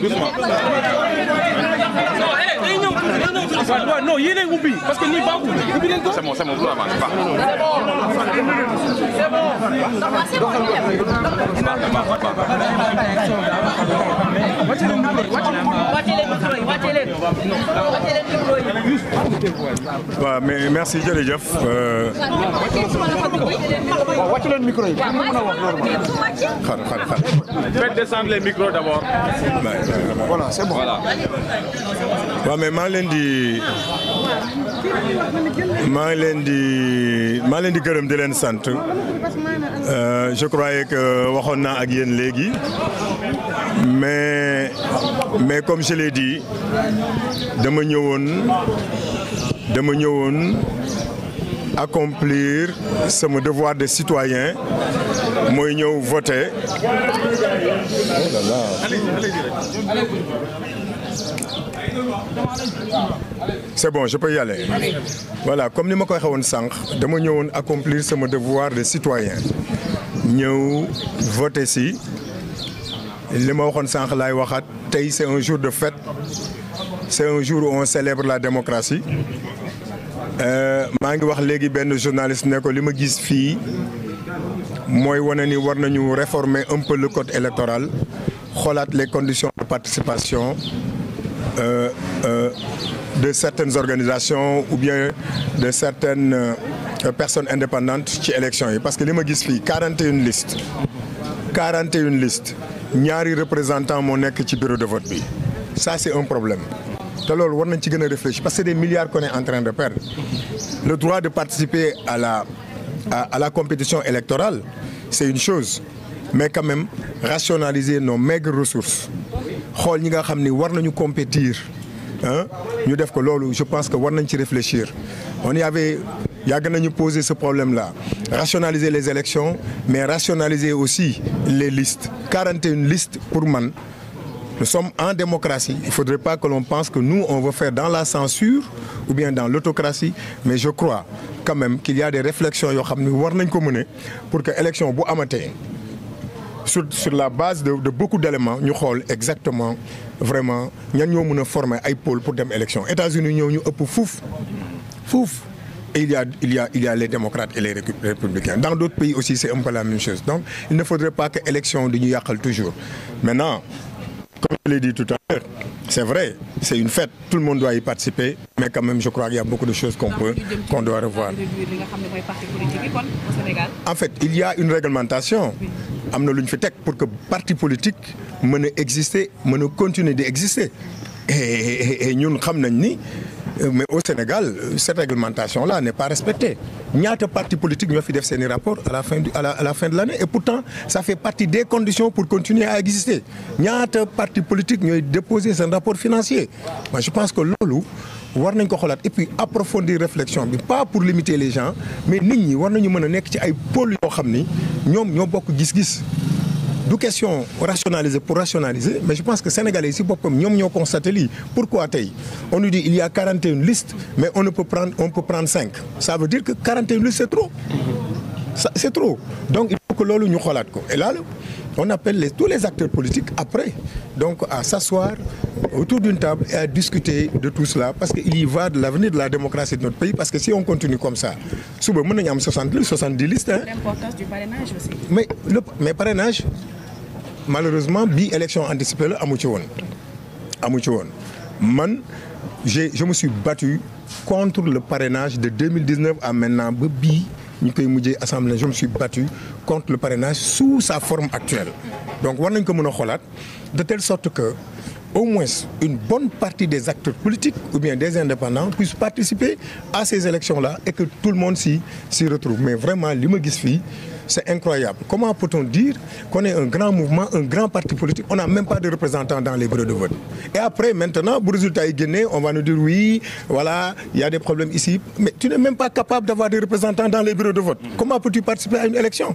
doucement. non yéen a ubbi parce que nii baaxul ubbi leen ko. c'est bon c'est bon c'est bon. waaw mais merci jërëjëf. wàcc leen euh, micro yi. xar xar xar. faites descendre les micros d'abord. voilà c'est bon. voilà. waaw mais maa ngi leen di. maa ngi leen di maa leen di gërëm di leen sant euh, je croyais que waxoon naa ak yéen léegi mais mais comme je l'ai dama ñëwoon dama ñëwoon accomplir sama devoir de citoyen mooy ñëw voter. Oh c'est bon je peux y aller voilà comme ni ma koy xewoon sànq dama ñëwoon accomplir sama devoir de citoyen ñëw voter si li ma waxoon sànq laay waxaat tey c'est un jour de fête c'est un jour où on célèbre la démocratie euh, maa ngi wax léegi benn journaliste ne ko li ma gis fii mooy wane ni war nañu réformer un peu le code électoral xoolaat les conditions de participation euh, euh, de certaines organisations ou bien de certaines euh, personnes indépendantes ci élection yi parce que li ma gis fii 41 listes 41 listes ñaari représentants moo nekk ci bureau de vote bi ça c'est un problème te loolu war nañ ci gën a réfléchir parce que c'est des milliards qu'on est en train de perdre le droit de participer à la à, à la compétition électorale c'est une chose mais quand même rationaliser nos maigres ressources xool ñi nga xam ni war nañu compétir ah ñu def ko loolu je pense que war nañ ci réfléchir on y avait yàgg nañu poser ce problème la rationaliser les élections mais rationaliser aussi les listes quarante et une listes pour man nous sommes en démocratie il faudrait pas que l'on pense que nous on veut faire dans la censure ou bien dans l'autocratie mais je crois quand même qu'il y des réflexions yoo xam ni war nañ ko mener pour que élection bu amate sur sur la base de de beaucoup d'éléments ñu xool exactement vraiment ñan ñoo mën a former ay pôle pour dem élection États-Unis ñoo ñu ëpp fuuf fuuf. il a il y a il les démocrates et les républicains dans d'autres pays aussi c'est un peu la même chose donc il ne faudrait pas que élection di ñu yàqal toujours maintenant comme je l'ai dit tout à l'heure c'est vrai c'est une fête tout mais quand même je crois qu'il y a beaucoup de choses qu'on peut qu'on doit revoir en fait il y a une réglementation am na lu ñu fi teg pour que parti politique mën a exister mën a continuer di exister et ñun xam nañ ni mais au Sénégal cette réglementation là n'est pas respectée ñaata parti politique ñoo fi def seeni rapport à la fin du à fin de l'année et pourtant ça fait partie des conditions pour continuer à exister ñaata parti politique ñooy déposer seen rapport financier moi je pense que loolu war nañ ko xoolaat et puis approfondir réflexion bi pas pour limiter les gens mais nit ñi war nañu mën a nekk ci ay pôles yoo xam ni ñoom ñoo bokk gis-gis. du question rationaliser pour rationaliser mais je pense que sénégalais yi si boppam ñoom ñoo constaté lii pourquoi tey on nous dit il y a 41 listes mais on ne peut prendre on peut prendre cinq ça veut dire que 41 c'est trop. c'est trop donc il faut que loolu ñu xoolaat ko et là. on appelle les, tous les acteurs politiques après, donc à s'asseoir autour d'une tout cela parce qu'il de l'avenir la démocratie de notre pays parce que si on continue comme ça, suba mën nañu am 60 listes 70 listes. Mais le malheureusement bi élection anticipée la amu ci woon amu ci woon man j'ai je me suis battu contre le parrainage de 2019 à maintenant ba bii. ñu koy mujjee assemblée je me suis battu contre le parrainage sous sa forme actuelle donc war nañ ko mën a xoolaat de telle sorte que au moins une bonne partie des acteurs politiques ou bien des indépendants puissent participer à ces élections là et que tout le monde si s'y retrouve mais vraiment li ma gis fii C'est incroyable. Comment peut-on dire qu'on un grand mouvement, un grand parti politique, on n'a même pas de représentants dans les bureaux de vote. Et après, maintenant, pour résultat est Guinée, on va nous dire oui, il y a des problèmes ici. Mais tu n'es même pas capable d'avoir des représentants dans les bureaux de vote. Comment peux-tu participer à une élection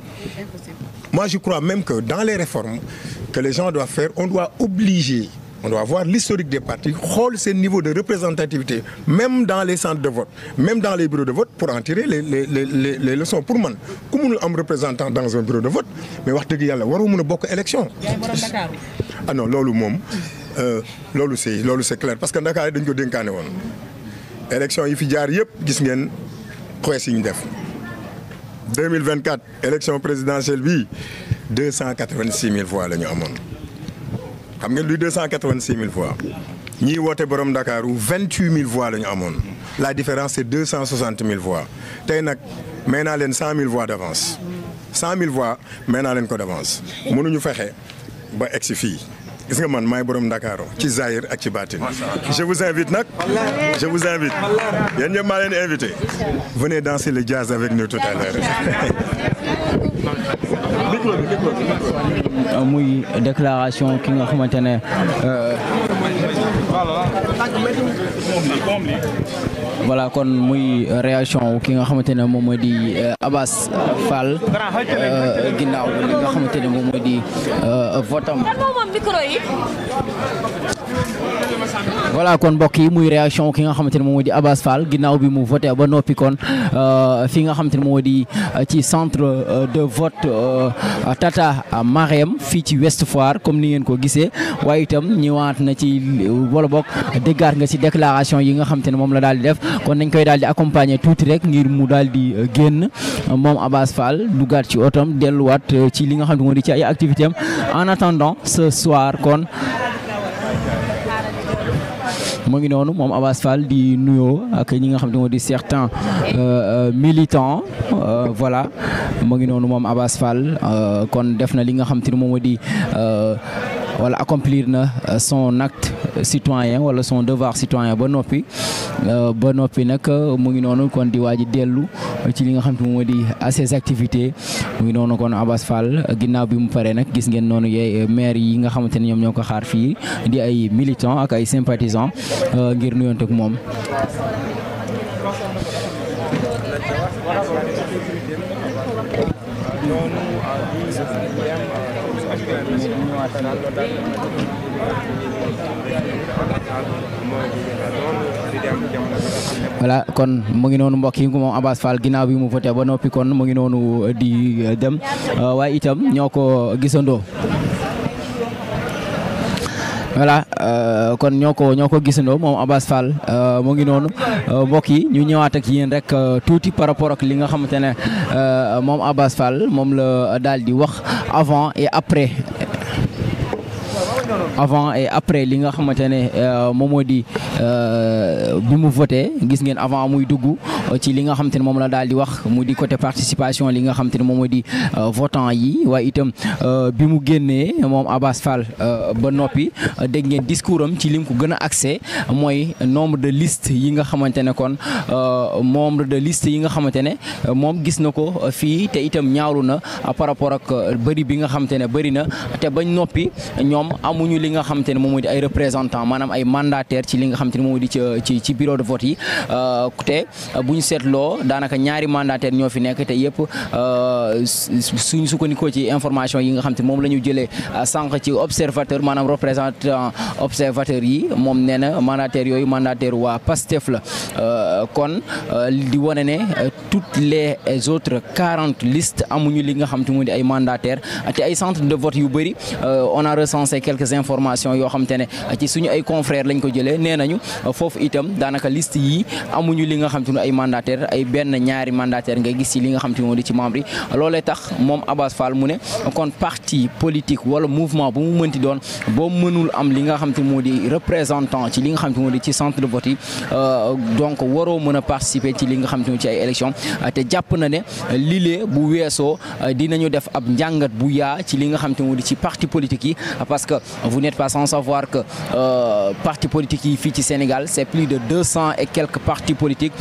je crois même que dans les réformes que les gens doivent faire, on doit obliger On doit voir l'historique des partis, xool seen niveau de représentativité même dans les centres de vote même dans les bureaux de vote pour en tirer les les les les leçons pour man ku mënul am représentant dans un bureau de vote mais wax dëgg yàlla waroo mën a bokk élection. ah loolu moom euh, loolu c'est loolu c'est parce que Ndakaar dañ ko dénkaane woon. élection yi fi jaar yëpp gis ngeen xees yi ñu def 2024 élection présidentielle bi 286 000 voix la ñu amoon. xam ngeen luy deux cent quatre vingt six mille voix ñiy woote borom ndakaaru wu vingt huit mille voix la ñu amoon la différence c' est deux cent soixante tey nag may naa leen cent mille voix d' avance cent mille voix may naa leen ko d' avance mënuñu fexe ba egsi fii. gis nga man maay borom ndakaaro ci Zahir ak ci Batin je vous invite nag je vous invite yéen ñëpp maa leen invité venez danser le jazz avec nous tout muy déclaration ki nga xamante ne euh, voilà kon muy réaction ki nga xamante ne moom moo di euh, Abass Fall euh, ginnaaw li nga xamante ne moom moo votam voilà kon mbokk yi muy réaction ki nga xamante ne moom moo di Abass Fall ginnaaw bi mu voté ba noppi kon euh, fi nga xamante ne moom moo di euh, ci centre euh, de vote Tata Marème fii ci West Foire comme ni ngeen ko gisee waaye itam ñëwaat na ci wala boog déggaat nga si déclaration yi nga xamante ne moom la daal di def kon nañ koy daal di accompagner tuuti rek ngir mu daal di génn moom Abass Fall ci otom delluwaat ci li nga xam ne moo di ci ay activité en attendant ce soir kon. mu ngi noonu moom Abass Fall di nuyoo ak ñi nga xam ne moo di certains euh, euh, militants euh, voilà mu ngi noonu moom Abass Fall kon def na li nga xam te moom moo di wala accomplir na son acte citoyen wala son devoir citoyen ba noppi ba noppi nag mu ngi noonu kon di waaj dellu. ci li nga xam te moom moo di à euh, ses activités muy noonu kon Abass Fall bi mu pare nag gis ngeen noonu yee euh, maire yi nga xamante ne ñoom ñoo ko xaar fii di ay militants ak ay sympathisants euh, ngir nuyoonte moom. voilà kon mu ngi noonu mbokk yi moom Abass Fall ginnaaw bi mu voté ba noppi kon mu ngi noonu euh, di euh, dem euh, waaye itam ñoo ko gisandoo. voilà kon ñoo ko ñoo ko gisandoo moom Abass Fall mu ngi noonu mbokk yi ñu ñëwaat ak yéen rek tuuti par rapport ak li nga xamante ne moom Abass Fall moom la daal di wax avant et après. avant et après li nga xamante ne euh, moom moo di euh, bi mu voté gis ngeen avant muy dugg euh, ci li nga xamante ne moom la daal di wax mu di côté participation li nga xamante ne moom moo di votant yi waaye itam bi mu génnee moom Abass Fall ba noppi dégg ngeen discours am ci li mu ko gën a accès mooy nombre de liste yi nga xamante ne kon nombre de liste yi nga xamante ne moom gis na ko fii te itam ñaaru na par rapport ak bëri bi nga xamante ne bëri na te bañ noppi ñoom am amuñu li nga xam te ne moom moo di ay représentant maanaam ay mandataire ci li euh, euh, bu ñu seetloo daanaka ñaari mandataire ñoo fi nekk te yëpp euh, suñ sukkandikoo ci information yi nga xam te moom la ñu jëlee sànq ci observateur maanaam représentant observateur yi moom nee na mandataire yooyu mandataire waa PASTEF la kon di wane toutes les autres quarante listes amuñu li nga xam te mu di ay mandataires te ay centre de vote yu bëri euh, on a recensé quelques informations yoo xam ne ci suñu ay confrères lañ ko jëlee nee nañu foofu itam daanaka liste yi amuñu li nga xam te ay mandataires ay benn ñaari mandataires nga gis ci li nga xam te moo di ci membre yi loolee tax moom Abass Fall mu ne kon parti politique wala mouvement bu mu mënti doon boo mënul am li nga xam te moo di représentant ci li nga xam moo di ci centre de vote yi euh, donc waroo mën a participer ci li nga xam te ci ay élections Euh, te jàpp na ne euh, lile bu weesoo euh, dinañu def ab njàngat bu yaa ci li nga xam te moo di ci parti politique yi parce que vous n'êtes pas sans savoir que parti politique yi fii ci Sénégal c'est plus de deux cents et quelques partis politiques